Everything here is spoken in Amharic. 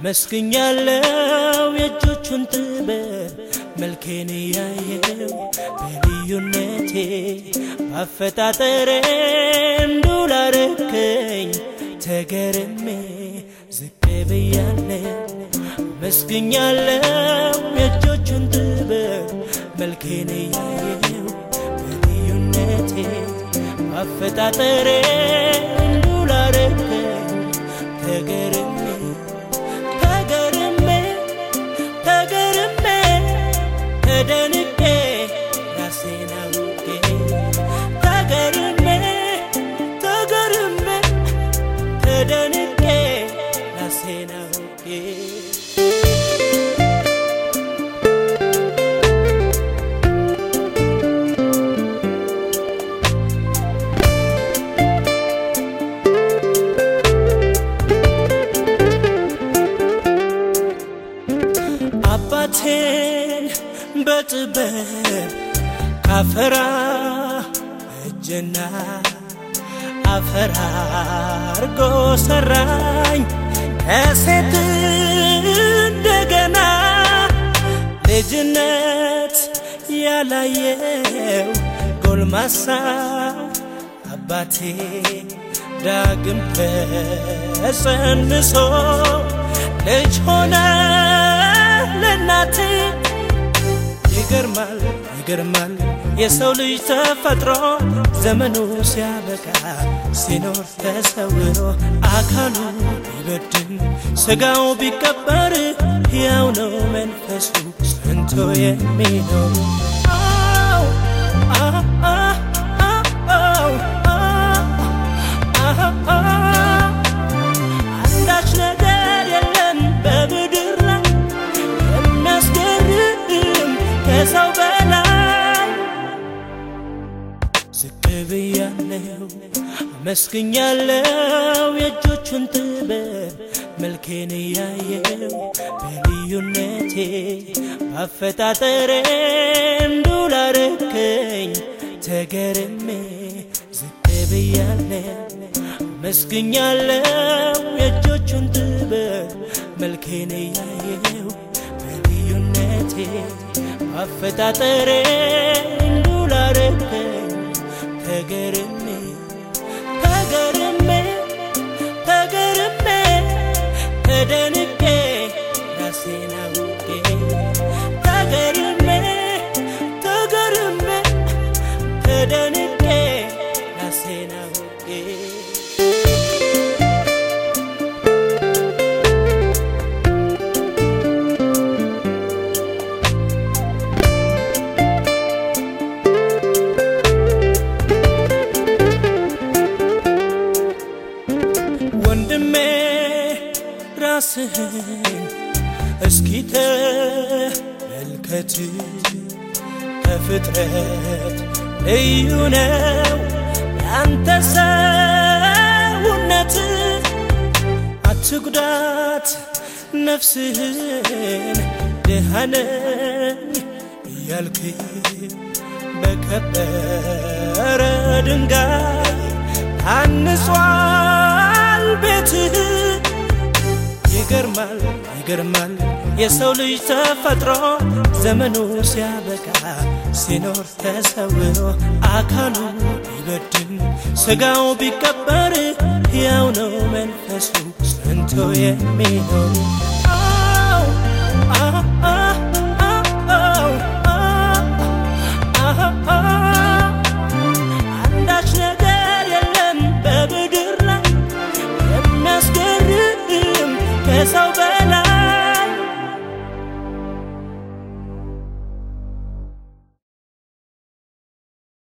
አመስግኛለው የእጆቹን ጥበብ መልኬን እያየው በልዩነቴ ባፈጣጠሬ እንዱላ ተገርሜ ዝቅ አመስግኛለው የእጆቹን ጥበብ መልኬን እያየው በልዩነቴ አፈጣጠሬ ጥበብ ካፈራ እጅና አፈር አርጎ ሰራኝ ከሴት እንደገና ልጅነት ያላየው ጎልማሳ አባቴ ዳግም ተጸንሶ ልጅ ሆነ ለእናቴ ይገርማል ይገርማል የሰው ልጅ ተፈጥሮ ዘመኑ ሲያበቃ ሲኖር ተሰውሮ አካሉ ቢበድን ስጋው ቢቀበር ሕያው ነው መንፈሱ ጸንቶ የሚኖር መስግኛለው የእጆቹን ጥበብ መልኬን እያየው በልዩነቴ ባፈጣጠረም ዶላርከኝ ተገርሜ ዝቅ መስግኛለው የእጆቹን ጥበብ መልኬን ያየው በልዩነቴ ባፈጣጠረም ዶላርከኝ ተገር ራስህን እስኪ ተመልከት። ከፍጥረት ልዩ ነው ያንተ ሰውነት። አትጉዳት ነፍስህን ድሃነኝ እያልክ በከበረ ድንጋይ አንጿል ቤትህ ይገርማል ይገርማል የሰው ልጅ ተፈጥሮ ዘመኑ ሲያበቃ ሲኖር ተሰውሮ አካሉ ቢበድን ስጋው ቢቀበር ያው ነው መንፈሱ ጸንቶ የሚኖር